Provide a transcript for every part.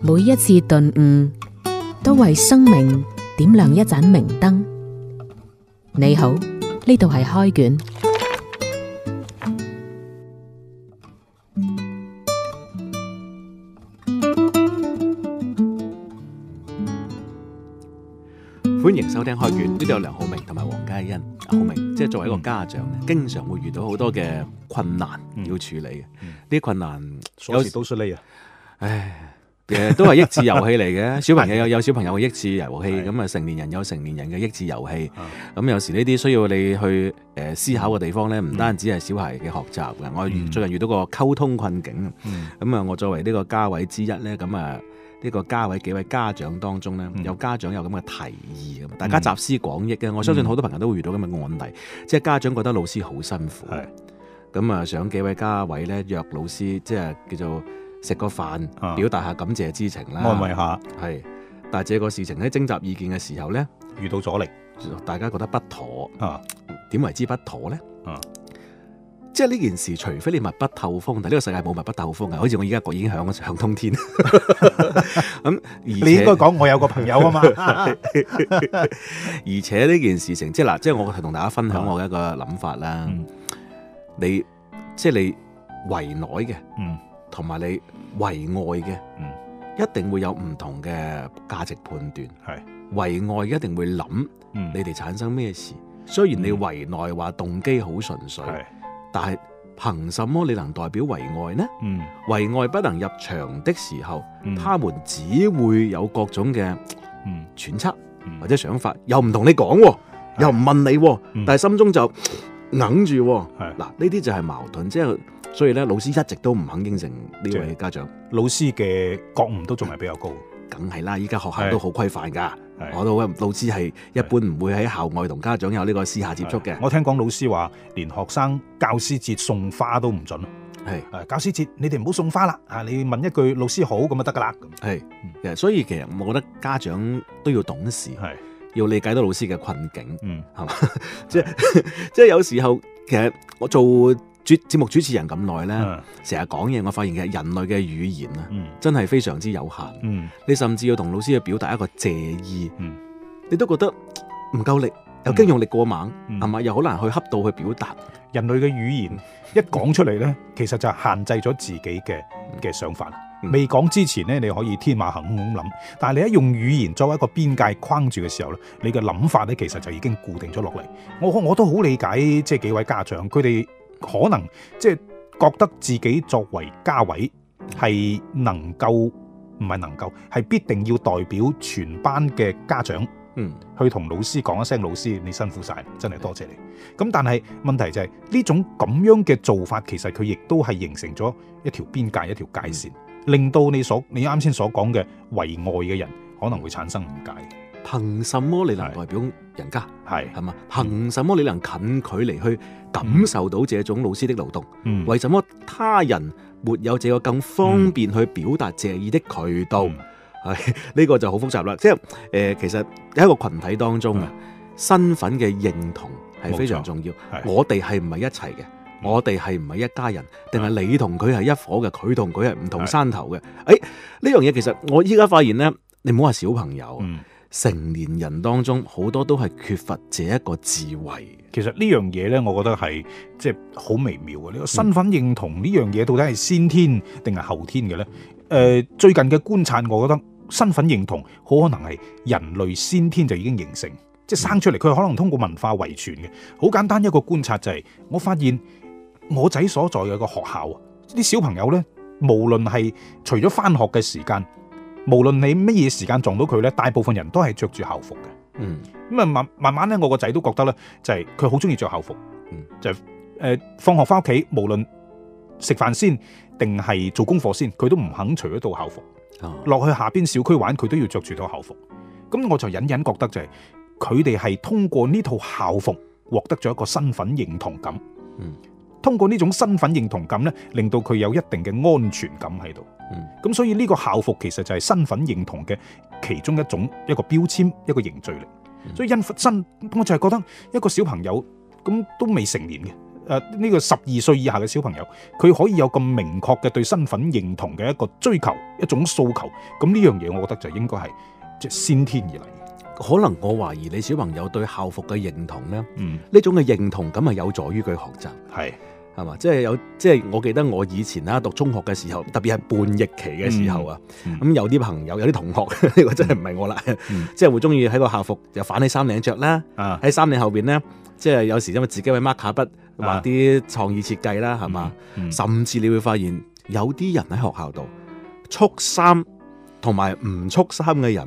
每一次頓悟，都為生命點亮一盞明燈。你好，呢度係開卷，歡迎收聽開卷。呢度有梁浩明同埋黃嘉欣。阿浩明，即、就、係、是、作為一個家長咧，嗯、經常會遇到好多嘅困難要處理。呢啲、嗯嗯、困難，有時都出呢啊。唉，其實都係益智遊戲嚟嘅。 小朋友有有小朋友嘅益智遊戲，咁啊的成年人有成年人嘅益智遊戲。咁的有時呢啲需要你去誒思考嘅地方呢，唔單止係小孩嘅學習嘅。嗯、我最近遇到個溝通困境，咁啊、嗯，我作為呢個家委之一呢，咁啊呢個家委幾位家長當中呢，嗯、有家長有咁嘅提議咁，大家集思廣益嘅。嗯、我相信好多朋友都會遇到咁嘅案例，嗯、即係家長覺得老師好辛苦，咁啊的，想幾位家委呢，約老師，即係叫做。食個飯，表達下感謝之情啦，啊，安慰下係。但係這個事情喺徵集意見嘅時候咧，遇到阻力，大家覺得不妥啊？點為之不妥咧？啊、即係呢件事，除非你密不透風，但呢個世界冇密不透風嘅，好似我依家講影響啊，上通天咁。而你應該講我有個朋友啊嘛。 而且呢件事情，即係嗱，即係我同大家分享我嘅一個諗法啦。你即係你圍內嘅，嗯。同埋你圍外嘅，一定會有唔同嘅價值判斷。係圍外一定會諗，你哋產生咩事？雖然你圍內話動機好純粹，但係憑什麼你能代表圍外呢？圍外不能入場的時候，他們只會有各種嘅揣測或者想法，又唔同你講，又唔問你，但係心中就諗住。嗱，呢啲就係矛盾，即係。所以咧，老師一直都唔肯應承呢位家長。就是、老師嘅覺悟都仲係比較高。梗係啦，依家學校都好規範噶，我都老師係一般唔會喺校外同家長有呢個私下接觸嘅。我聽講老師話，連學生教師節送花都唔準。係是，教師節你哋唔好送花啦，啊，你問一句老師好咁就得噶啦。係，其實所以其實我覺得家長都要懂事，係是要理解到老師嘅困境，嗯，係嘛吧？即係即係有時候其實我做。主節目主持人咁耐咧，成日講嘢，我發現嘅人類嘅語言，嗯、真係非常之有限。嗯、你甚至要同老師去表達一個謝意，嗯、你都覺得唔夠力，又驚用力過猛，係嘛、嗯？又好難去恰到去表達人類嘅語言一。一講出嚟咧，其實就限制咗自己嘅嘅想法。未講、嗯、之前咧，你可以天馬行空咁諗，但係你一用語言作為一個邊界框住嘅時候咧，你嘅諗法咧其實就已經固定咗落嚟。我我都好理解，即係幾位家長佢哋。可能即係、就是，覺得自己作為家委係能夠唔係能夠係必定要代表全班嘅家長嗯，去同老師講一聲，老師你辛苦晒真係多謝，謝你。咁但係問題就係、是，呢種咁樣嘅做法，其實，佢亦都係形成咗一條邊界、一條界線，令到你所你啱先所講嘅圍外嘅人可能會產生誤解。憑什麼你能代表人家係係嘛？憑什麼你能近距離去感受到這種老師的勞動？嗯、為什麼他人沒有這個更方便去表達謝意的渠道？係呢、嗯這個就好複雜啦。即係誒、呃，其實喺一個群體當中啊，嗯、身份嘅認同係非常重要。我哋係唔係一齊嘅？嗯、我哋係唔係一家人？定係你同佢係一伙嘅？佢同佢係唔同山頭嘅？誒呢樣嘢其實我依家發現咧，你唔好話小朋友。嗯成年人當中好多都係缺乏這一個智慧。其實呢樣嘢呢，我覺得係即係好微妙嘅。呢個身份認同呢樣嘢到底係先天定係後天嘅呢？誒，最近嘅觀察，我覺得身份認同好可能係人類先天就已經形成，即係生出嚟佢可能通過文化遺傳嘅。好簡單一個觀察就係，我發現我仔所在嘅個學校啊，啲小朋友呢，無論係除咗翻學嘅時間。無論你乜嘢時間撞到佢咧，大部分人都係着住校服嘅。嗯，咁啊，慢慢慢咧，我個仔都覺得呢就係佢好中意着校服，嗯、就誒、係呃、放學翻屋企，無論食飯先定係做功課先，佢都唔肯除咗套校服。落、啊、去下邊小區玩，佢都要着住套校服。咁我就隱隱覺得就係佢哋係通過呢套校服獲得咗一個身份認同感。嗯。通過呢種身份認同感咧，令到佢有一定嘅安全感喺度。咁、嗯、所以呢個校服其實就係身份認同嘅其中一種，一個標籤，一個凝聚力。嗯、所以因新，我就係覺得一個小朋友咁都未成年嘅，誒、呃、呢、這個十二歲以下嘅小朋友，佢可以有咁明確嘅對身份認同嘅一個追求，一種訴求。咁呢樣嘢，我覺得就應該係即先天而嚟。可能我懷疑你小朋友對校服嘅認同咧，呢、嗯、種嘅認同感係有助於佢學習。係。係嘛？即係有，即係我記得我以前啦，讀中學嘅時候，特別係叛逆期嘅時候啊，咁、嗯嗯嗯、有啲朋友、有啲同學，呢個真係唔係我啦，嗯嗯、即係會中意喺個校服又反起衫領着啦，喺衫、啊、領後邊咧，即係有時因為自己揾 marker 筆畫啲創意設計啦，係嘛？嗯嗯、甚至你會發現有啲人喺學校度束衫同埋唔束衫嘅人。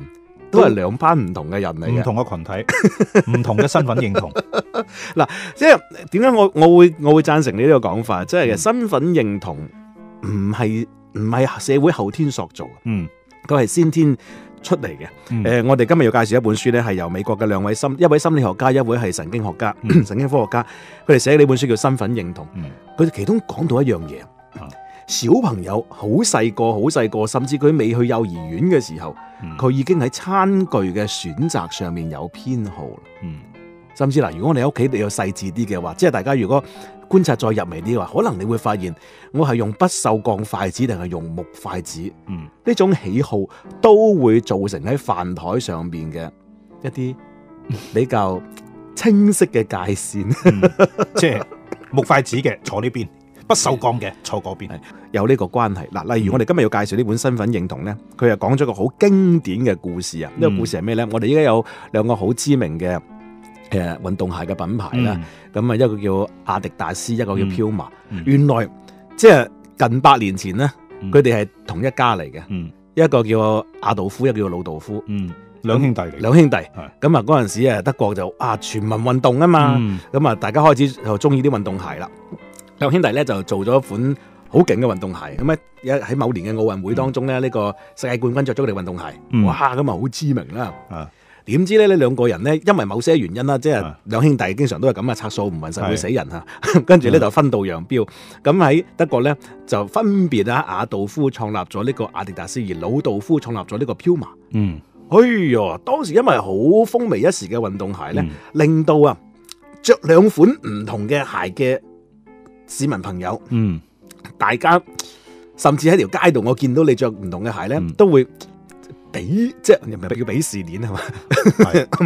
都係兩班唔同嘅人嚟嘅，唔同嘅群體，唔 同嘅身份認同。 嗱，即係點解我我會我會贊成你呢個講法，即係身份認同唔係唔係社會後天塑造，嗯，佢係先天出嚟嘅。誒、嗯呃，我哋今日要介紹一本書咧，係由美國嘅兩位心一位心理學家，一位係神經學家、嗯、神經科學家，佢哋寫呢本書叫《身份認同》。佢哋、嗯、其中講到一樣嘢。啊小朋友好細個，好細個，甚至佢未去幼兒園嘅時候，佢已經喺餐具嘅選擇上面有偏好。嗯，甚至嗱，如果你喺屋企比較細緻啲嘅話，即係大家如果觀察再入微啲嘅話，可能你會發現我係用不銹鋼筷子定係用木筷子。嗯，呢種喜好都會造成喺飯台上邊嘅一啲比較清晰嘅界線，嗯。即係 木筷子嘅 坐呢邊。不鏽鋼嘅坐嗰邊，有呢個關係嗱。例如我哋今日要介紹呢本身份認同咧，佢又講咗個好經典嘅故事啊。呢個故事係咩咧？我哋依家有兩個好知名嘅誒運動鞋嘅品牌啦。咁啊，一個叫阿迪達斯，一個叫 Puma。原來即係近百年前咧，佢哋係同一家嚟嘅。嗯，一個叫阿道夫，一個叫老道夫。嗯，兩兄弟嚟。兩兄弟係咁啊！嗰陣時啊，德國就啊全民運動啊嘛，咁啊，大家開始就中意啲運動鞋啦。兩兄弟咧就做咗一款好勁嘅運動鞋，咁咧一喺某年嘅奧運會當中咧呢、嗯、個世界冠軍着咗佢哋運動鞋，哇咁啊好知名啦。點、嗯、知咧呢兩個人咧因為某些原因啦，嗯、即係兩兄弟經常都係咁啊，拆數唔勻實會死人吓。是 啊嗯、跟住咧就分道揚鑣。咁喺德國咧就分別啊，阿道夫創立咗呢個阿迪達斯，而老道夫創立咗呢個彪馬。嗯，哎呀，當時因為好風靡一時嘅運動鞋咧，嗯、令到啊着兩款唔同嘅鞋嘅。市民朋友，嗯，大家甚至喺條街度，我見到你着唔同嘅鞋咧，都會比，即係唔係叫鄙視鏈係嘛，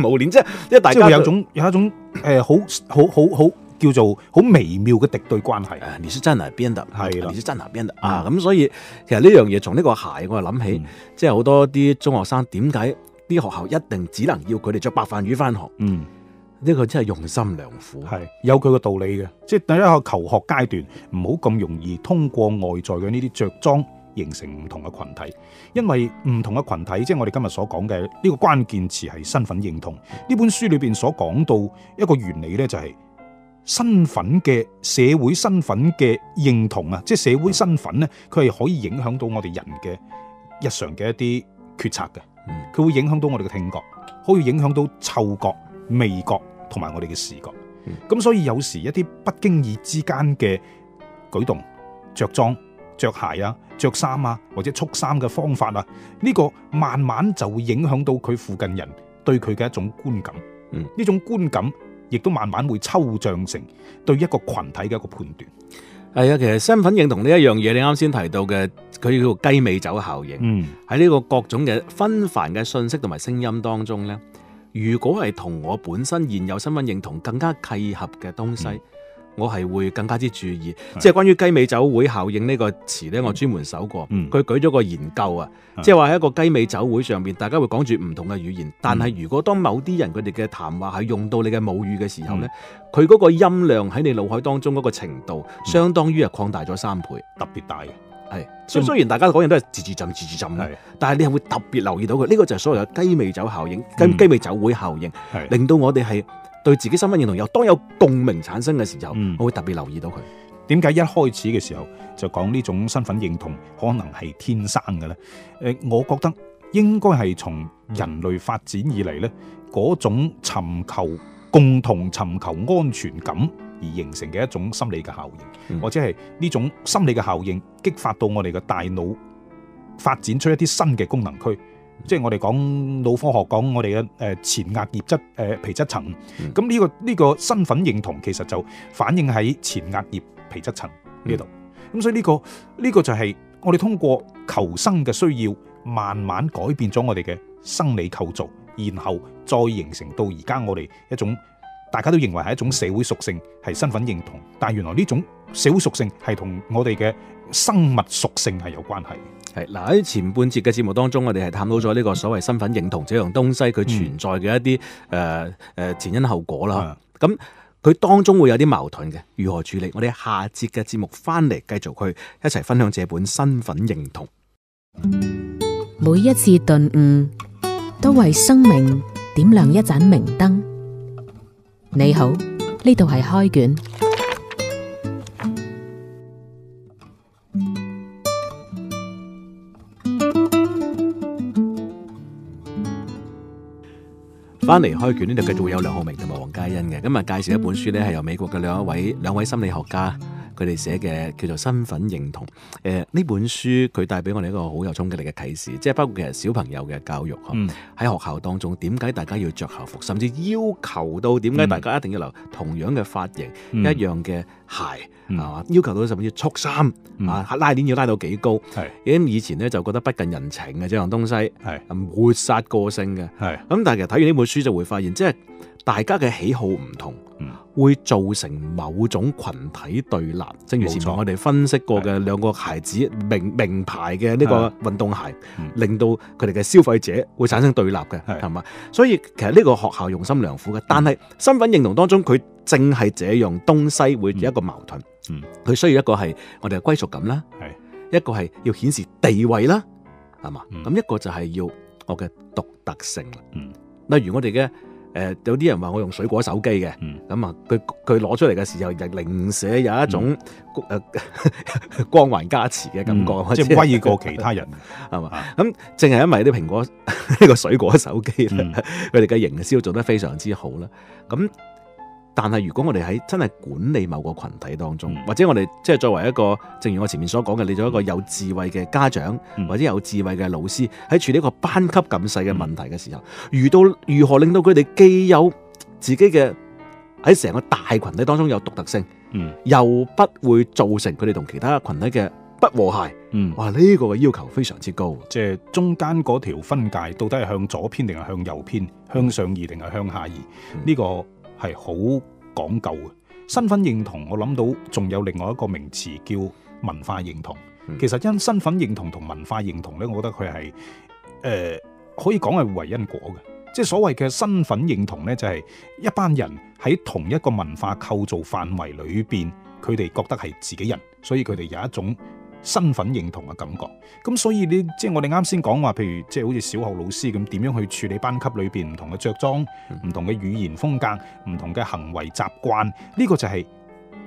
冇鏈，即係即係大家有種有一種誒，好好好好叫做好微妙嘅敵對關係。你真係邊，係，你真係邊啊，咁所以其實呢樣嘢從呢個鞋我諗起，即係好多啲中學生點解啲學校一定只能要佢哋着白飯魚翻學？嗯。呢個真係用心良苦，係有佢個道理嘅。即係第一個求學階段，唔好咁容易通過外在嘅呢啲着裝形成唔同嘅群體，因為唔同嘅群體，即係我哋今日所講嘅呢個關鍵詞係身份認同。嗯。呢本書裏邊所講到一個原理呢，就係身份嘅社會身份嘅認同啊，即係社會身份呢，佢係可以影響到我哋人嘅日常嘅一啲決策嘅，佢會影響到我哋嘅聽覺，可以影響到嗅覺、味覺。同埋我哋嘅視覺，咁所以有時一啲不經意之間嘅舉動、着裝、着鞋啊、着衫啊，或者束衫嘅方法啊，呢個慢慢就會影響到佢附近人對佢嘅一種觀感，嗯，呢種觀感亦都慢慢會抽象成對一個群體嘅一個判斷。係啊，其實身份認同呢一樣嘢，你啱先提到嘅，佢叫做雞尾酒效應。嗯，喺呢個各種嘅紛繁嘅信息同埋聲音當中咧。如果係同我本身現有身份認同更加契合嘅東西，嗯、我係會更加之注意。是即係關於雞尾酒會效應呢個詞呢、嗯、我專門搜過。佢、嗯、舉咗個研究啊，嗯、即係話喺一個雞尾酒會上面，大家會講住唔同嘅語言。但係如果當某啲人佢哋嘅談話係用到你嘅母語嘅時候呢，佢嗰、嗯、個音量喺你腦海當中嗰個程度，相當於係擴大咗三倍，特別大。係，雖雖然大家講嘢都係自自浸、自自浸。的但係你係會特別留意到佢，呢、這個就係所謂嘅雞尾酒效應、雞雞、嗯、尾酒會效應，的令到我哋係對自己身份認同有，當有共鳴產生嘅時候，嗯、我會特別留意到佢。點解一開始嘅時候就講呢種身份認同可能係天生嘅咧？誒，我覺得應該係從人類發展以嚟呢，嗰、嗯、種尋求共同、尋求安全感。而形成嘅一種心理嘅效應，或者係呢種心理嘅效應激發到我哋嘅大腦發展出一啲新嘅功能區，嗯、即係我哋講腦科學講我哋嘅誒前額葉質誒皮質層，咁呢、嗯這個呢、這個身份認同其實就反映喺前額葉皮質層呢度。咁、嗯、所以呢、這個呢、這個就係我哋通過求生嘅需要，慢慢改變咗我哋嘅生理構造，然後再形成到而家我哋一種。大家都認為係一種社會屬性，係身份認同，但原來呢種社會屬性係同我哋嘅生物屬性係有關係嘅。係嗱，喺前半節嘅節目當中，我哋係探討咗呢個所謂身份認同呢樣東西，佢存在嘅一啲誒誒前因後果啦。咁佢當中會有啲矛盾嘅，如何處理？我哋下節嘅節目翻嚟繼續去一齊分享這本《身份認同》。每一次頓悟，都為生命點亮一盞明燈。你好，呢度係開卷。翻嚟開卷呢度繼續會有梁浩明同埋黃嘉欣嘅，今日介紹一本書呢，係由美國嘅另一位兩位心理學家。佢哋寫嘅叫做身份認同，誒、呃、呢本書佢帶俾我哋一個好有衝擊力嘅啟示，即係包括其實小朋友嘅教育喺、嗯、學校當中點解大家要着校服，甚至要求到點解大家一定要留同樣嘅髮型、嗯、一樣嘅鞋係嘛、嗯？要求到甚至束衫啊，嗯、拉鍊要拉到幾高？是以前呢，就覺得不近人情嘅這樣東西係是抹殺個性嘅係咁，是但係其實睇完呢本書就會發現，即係大家嘅喜好唔同。會造成某種群體對立，正錯如前我哋分析過嘅兩個孩子名的名牌嘅呢個運動鞋，的令到佢哋嘅消費者會產生對立嘅係嘛？所以其實呢個學校用心良苦嘅，是的但係身份認同當中，佢正係這樣東西會有一個矛盾。嗯的，佢需要一個係我哋嘅歸屬感啦，係的一個係要顯示地位啦，係嘛？咁的一個就係要我嘅獨特性啦。嗯的，例如我哋嘅。誒、呃、有啲人話我用水果手機嘅，咁啊，佢佢攞出嚟嘅時候，又零舍有一種誒、嗯呃、光環加持嘅感覺，即係、嗯、威過其他人係嘛？咁吧、啊、淨係因為啲蘋果呢 個水果手機咧，佢哋嘅營銷做得非常之好啦，咁。但係，如果我哋喺真係管理某個群體當中，嗯、或者我哋即係作為一個，正如我前面所講嘅，你做一個有智慧嘅家長，嗯、或者有智慧嘅老師，喺處理一個班級咁細嘅問題嘅時候，遇到、嗯嗯、如何令到佢哋既有自己嘅喺成個大群體當中有獨特性，嗯，又不會造成佢哋同其他群體嘅不和諧，嗯，哇，呢、這個嘅要求非常之高，即係中間嗰條分界到底係向左偏定係向右偏，向上移定係向下移呢、嗯這個係好講究嘅身份認同，我諗到仲有另外一個名詞叫文化認同。嗯、其實因身份認同同文化認同呢，我覺得佢係誒可以講係為因果嘅。即係所謂嘅身份認同呢，就係一班人喺同一個文化構造範圍裏邊，佢哋覺得係自己人，所以佢哋有一種身份認同嘅感覺，咁所以你即係我哋啱先講話，譬如即係好似小學老師咁點樣去處理班級裏邊唔同嘅着裝、唔、嗯、同嘅語言風格、唔同嘅行為習慣呢、呢個就係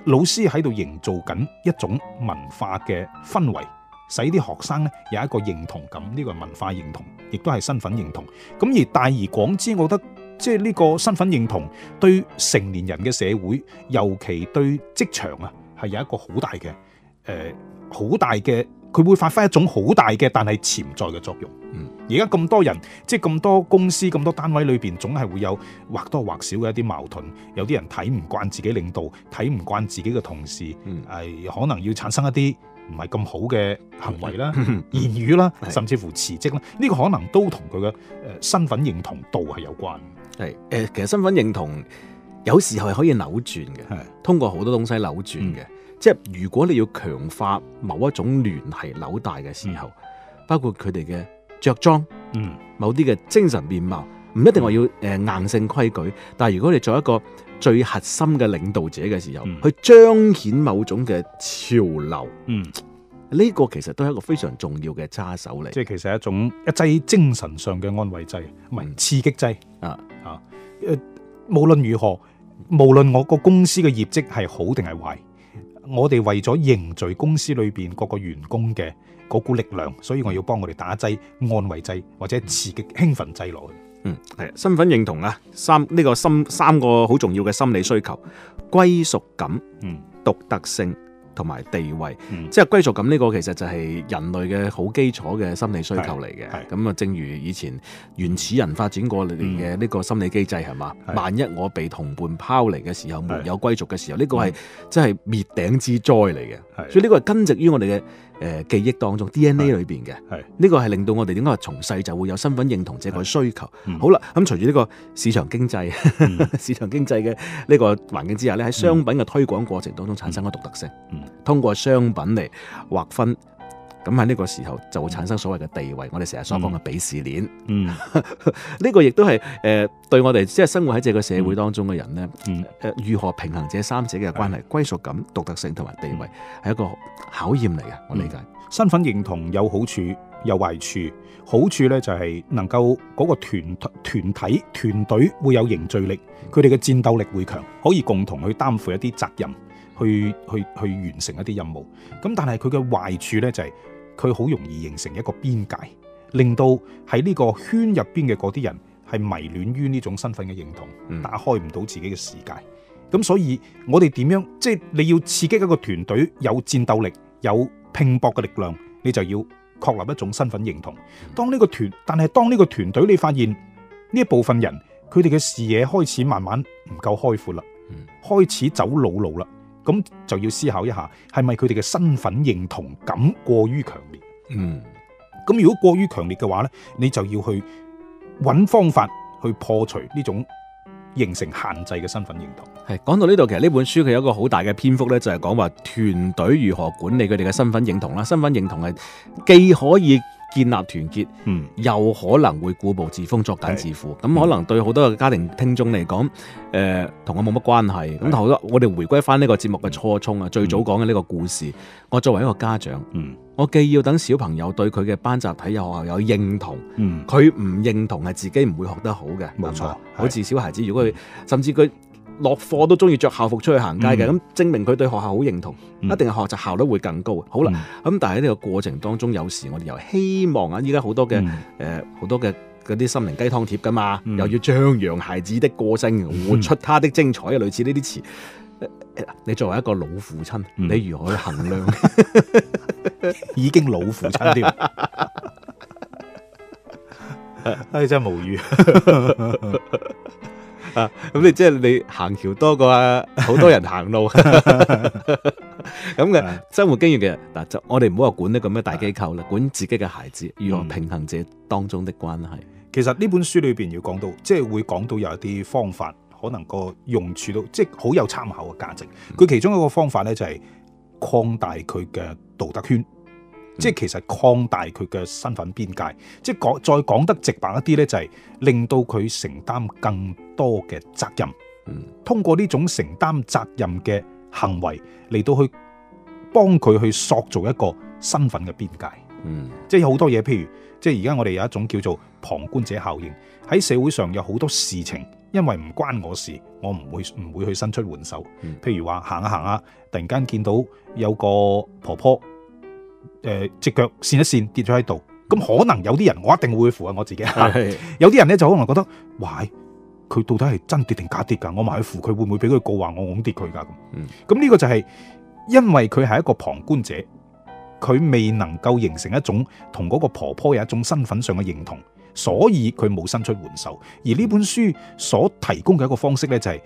老師喺度營造緊一種文化嘅氛圍，使啲學生呢有一個認同感。呢、呢個係文化認同亦都係身份認同。咁而大而廣之，我覺得即係呢個身份認同對成年人嘅社會，尤其對職場啊，係有一個好大嘅誒。呃好大嘅，佢會發揮一種好大嘅，但係潛在嘅作用。嗯，而家咁多人，即係咁多公司、咁多單位裏邊，總係會有或多或少嘅一啲矛盾。有啲人睇唔慣自己領導，睇唔慣自己嘅同事，係、嗯呃、可能要產生一啲唔係咁好嘅行為啦、嗯、言語啦，嗯、甚至乎辭職啦。呢的個可能都同佢嘅誒身份認同度係有，有關。係誒、呃，其實身份認同有時候係可以扭轉嘅，的通過好多東西扭轉嘅。嗯即係如果你要強化某一種聯繫紐帶嘅時候，嗯、包括佢哋嘅着裝，嗯，某啲嘅精神面貌，唔一定話要誒硬性規矩。嗯、但係如果你做一個最核心嘅領導者嘅時候，嗯、去彰顯某種嘅潮流，嗯，呢個其實都係一個非常重要嘅揸手嚟。即係其實係一種一劑精神上嘅安慰劑，唔係刺激劑啊。啊，無論如何，無論我個公司嘅業績係好定係壞。我哋為咗凝聚公司裏邊各個員工嘅嗰股力量，所以我要幫我哋打劑安慰劑或者刺激興奮劑落去。嗯，係身份認同啊，三呢、這個心三個好重要嘅心理需求，歸屬感，嗯，獨特性。.同埋地位，嗯、即係歸屬感呢個其實就係人類嘅好基礎嘅心理需求嚟嘅。咁啊，正如以前原始人發展過嚟嘅呢個心理機制係嘛？是萬一我被同伴拋離嘅時候，是沒有歸屬嘅時候，呢、呢個係即係滅頂之災嚟嘅。是所以呢個係根植於我哋嘅。誒記憶當中，DNA 裏邊嘅係呢個係令到我哋點解話從細就會有身份認同這個需求。嗯、好啦，咁隨住呢個市場經濟、 市場經濟嘅呢個環境之下咧，喺商品嘅推廣過程當中產生咗獨特性，嗯嗯、通過商品嚟劃分，咁喺呢個時候就會產生所謂嘅地位，嗯、我哋成日所講嘅鄙視鏈、嗯。嗯，呢 個亦都係誒對我哋即係生活喺呢個社會當中嘅人咧，誒、嗯、如何平衡這三者嘅關係？歸屬的感、獨特性同埋地位係、嗯、一個考驗嚟嘅。我理解、嗯、身份認同有好處有壞處，好處咧就係能夠嗰個團團體團隊會有凝聚力，佢哋嘅戰鬥力會強，可以共同去擔負一啲責任，去去去完成一啲任務。咁但係佢嘅壞處咧就係、是。佢好容易形成一個邊界，令到喺呢個圈入邊嘅嗰啲人係迷戀於呢種身份嘅認同，打開唔到自己嘅視界。咁所以我哋點樣即係你要刺激一個團隊有戰鬥力、有拼搏嘅力量，你就要確立一種身份認同。當呢個團，但係當呢個團隊你發現呢一部分人佢哋嘅視野開始慢慢唔夠開闊啦，開始走老路啦。咁就要思考一下，係咪佢哋嘅身份認同感過於強烈？嗯，咁如果過於強烈嘅話呢，你就要去揾方法去破除呢種形成限制嘅身份認同。係講到呢度，其實呢本書佢有一個好大嘅篇幅呢，就係講話團隊如何管理佢哋嘅身份認同啦。身份認同係既可以。建立團結，又可能會固步自封、作繭自負。咁可能對好多家庭聽眾嚟講，誒同我冇乜關係。咁頭多，我哋回歸翻呢個節目嘅初衷啊，最早講嘅呢個故事。我作為一個家長，我既要等小朋友對佢嘅班集體有學校有認同，佢唔認同係自己唔會學得好嘅。冇錯，好似小孩子，如果佢甚至佢。落課都中意着校服出去行街嘅，咁、嗯、證明佢對學校好認同，嗯、一定係學習效率會更高。好啦，咁、嗯、但係呢個過程當中，有時我哋又希望啊，依家好多嘅誒，好、嗯呃、多嘅嗰啲心靈雞湯貼噶嘛，嗯、又要張揚孩子的個性，活出他的精彩啊，嗯、類似呢啲詞。你作為一個老父親，你如何去衡量？嗯、 已經老父親添，唉， 真係無語的。 咁、啊、你即係、就是、你行橋多過啊，好多人行路，咁嘅 生活經驗嘅嗱，就我哋唔好話管啲咁嘅大機構啦，的管自己嘅孩子如何平衡這當中的關係，嗯。其實呢本書裏邊要講到，即、就、係、是、會講到有一啲方法，可能個用處都即係好有參考嘅價值。佢、嗯、其中一個方法呢，就係擴大佢嘅道德圈。嗯、即係其實擴大佢嘅身份邊界，即係講再講得直白一啲呢、就是，就係令到佢承擔更多嘅責任。嗯，通過呢種承擔責任嘅行為嚟到去幫佢去塑造一個身份嘅邊界。嗯，即係好多嘢，譬如即係而家我哋有一種叫做旁觀者效應，喺社會上有好多事情，因為唔關我事，我唔會唔會去伸出援手。嗯、譬如話行啊行啊，突然間見到有個婆婆。誒，隻腳扇一扇跌咗喺度，咁可能有啲人，我一定會扶下、啊、我自己，是是有啲人咧就可能覺得，喂，佢到底係真跌定假跌噶？我埋去扶佢，會唔會俾佢告話我㧬跌佢噶？咁，咁呢個就係因為佢係一個旁觀者，佢未能夠形成一種同嗰個婆婆有一種身份上嘅認同，所以佢冇伸出援手。而呢本書所提供嘅一個方式咧，就係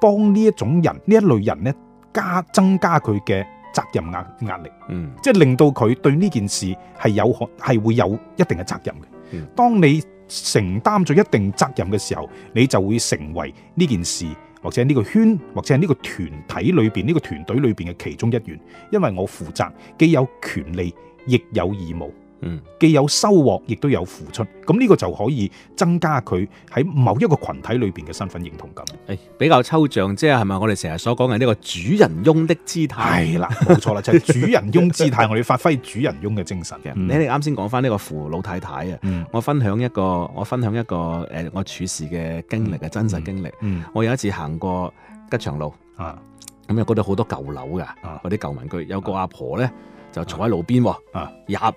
幫呢一種人、呢一類人咧加增加佢嘅。責任壓壓力，嗯，即係令到佢對呢件事係有可係會有一定嘅責任嘅。當你承擔咗一定責任嘅時候，你就會成為呢件事或者係呢個圈或者係呢個團體裏邊呢個團隊裏邊嘅其中一員。因為我負責，既有權利亦有義務。嗯，既有收穫，亦都有付出，咁呢個就可以增加佢喺某一個群體裏邊嘅身份認同感。誒，比較抽象，即係係咪我哋成日所講嘅呢個主人翁的姿態？係啦，冇錯啦，就係主人翁姿態，我哋要發揮主人翁嘅精神嘅。你哋啱先講翻呢個扶老太太啊，我分享一個，我分享一個誒，我處事嘅經歷嘅真實經歷。我有一次行過吉祥路啊，咁又覺得好多舊樓噶，嗰啲舊民居，有個阿婆呢就坐喺路邊喎，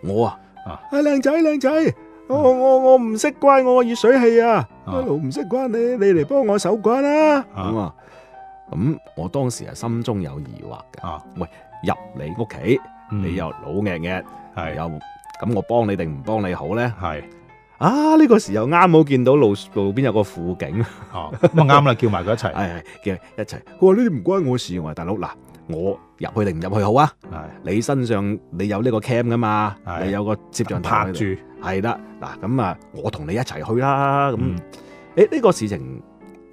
入我啊！啊！靚、啊、仔靚仔，我我我唔識關我個熱水器啊！阿老唔識關，你你嚟幫我手關啦！咁啊，咁、啊啊、我當時啊心中有疑惑嘅。啊，喂，入你屋企，你又老曳嘅，係、嗯、又咁，是我幫你定唔幫你好咧？係是啊，呢、呢個時候啱好見到路路邊有個輔警，啊、 哦啱啦，叫埋佢一齊，係係叫一齊。佢話呢啲唔關我事，我、啊、話大佬嗱。我入去定唔入去好啊？是你身上你有呢個 cam 噶嘛？你是、呃、有個攝像拍住係啦。嗱咁啊，我同你一齊去啦。咁誒、嗯、呢、欸這個事情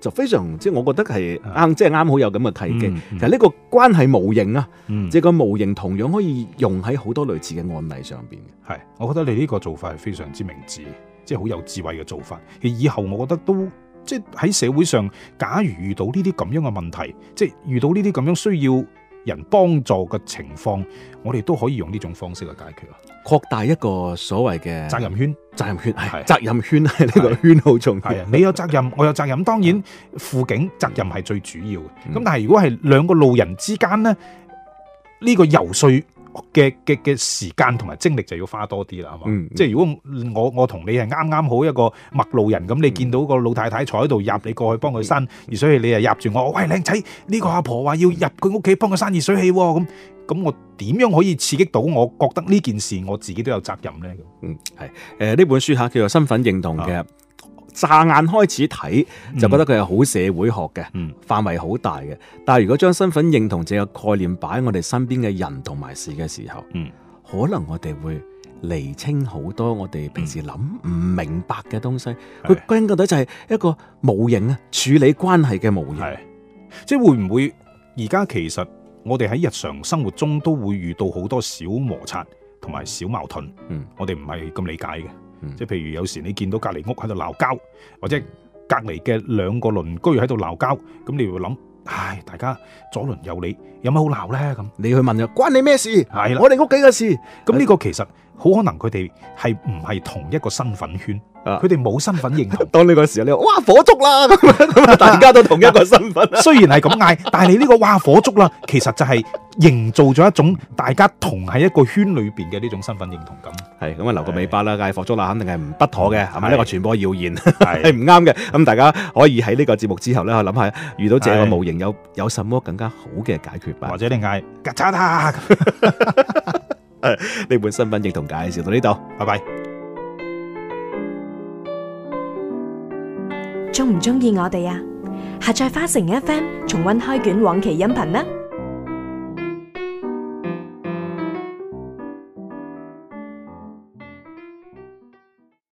就非常即係，我覺得係啱，即係啱好有咁嘅契機。嗯嗯、其實呢個關係模型啊，即係個模型同樣可以用喺好多類似嘅案例上邊。係，我覺得你呢個做法係非常之明智，即係好有智慧嘅做法。其以後我覺得都即係喺社會上，假如遇到呢啲咁樣嘅問題，即、就、係、是、遇到呢啲咁樣需要。人幫助嘅情況，我哋都可以用呢種方式去解決啊！擴大一個所謂嘅責任圈，責任圈，係責任圈，係呢個圈好重要。係啊，你有責任，我有責任，當 當然輔警責任係最主要嘅。咁但係如果係兩個路人之間呢，呢、呢個遊說嘅嘅嘅時間同埋精力就要花多啲啦，係嘛？嗯、即係如果我我同你係啱啱好一個陌路人咁，你見到個老太太坐喺度，入你過去幫佢閂熱水器，你又入住我，喂這個、說我喂靚仔，呢個阿婆話要入佢屋企幫佢閂熱水器喎，咁咁我點樣可以刺激到？我覺得呢件事我自己都有責任咧。嗯，係，誒、呃、呢本書吓叫做身份認同嘅。啊。眨眼開始睇就覺得佢係好社會學嘅、嗯、範圍好大嘅，但係如果將身份認同呢個概念擺喺我哋身邊嘅人同埋事嘅時候，嗯、可能我哋會釐清好多我哋平時諗唔明白嘅東西。佢歸根到底就係一個模型啊，的處理關係嘅模型。即係會唔會而家其實我哋喺日常生活中都會遇到好多小摩擦同埋小矛盾。嗯、我哋唔係咁理解嘅。即係譬、嗯、如有時你見到隔離屋喺度鬧交，或者隔離嘅兩個鄰居喺度鬧交，咁你會諗，唉，大家左鄰右里有乜好鬧咧？咁你去問就關你咩事？係啦了，我哋屋企嘅事。咁呢個其實。好可能佢哋係唔係同一個身份圈，佢哋冇身份認同。當呢個時候你話，哇，火燭啦，咁大家都同一個身份。雖然係咁嗌，但係你呢個哇，火燭啦，其實就係營造咗一種大家同喺一個圈裏邊嘅呢種身份認同感。係咁啊，留個尾巴啦，嗌火燭啦，肯定係唔不妥嘅，係咪呢個傳播謠言係唔啱嘅？咁大家可以喺呢個節目之後咧，我諗下遇到這個模型有有什麼更加好嘅解決法，或者你嗌吉查達。呢本新品亦同介紹到呢度，拜拜。鍾唔鍾意我哋啊？下載花城 FM 重溫開卷往期音頻呢。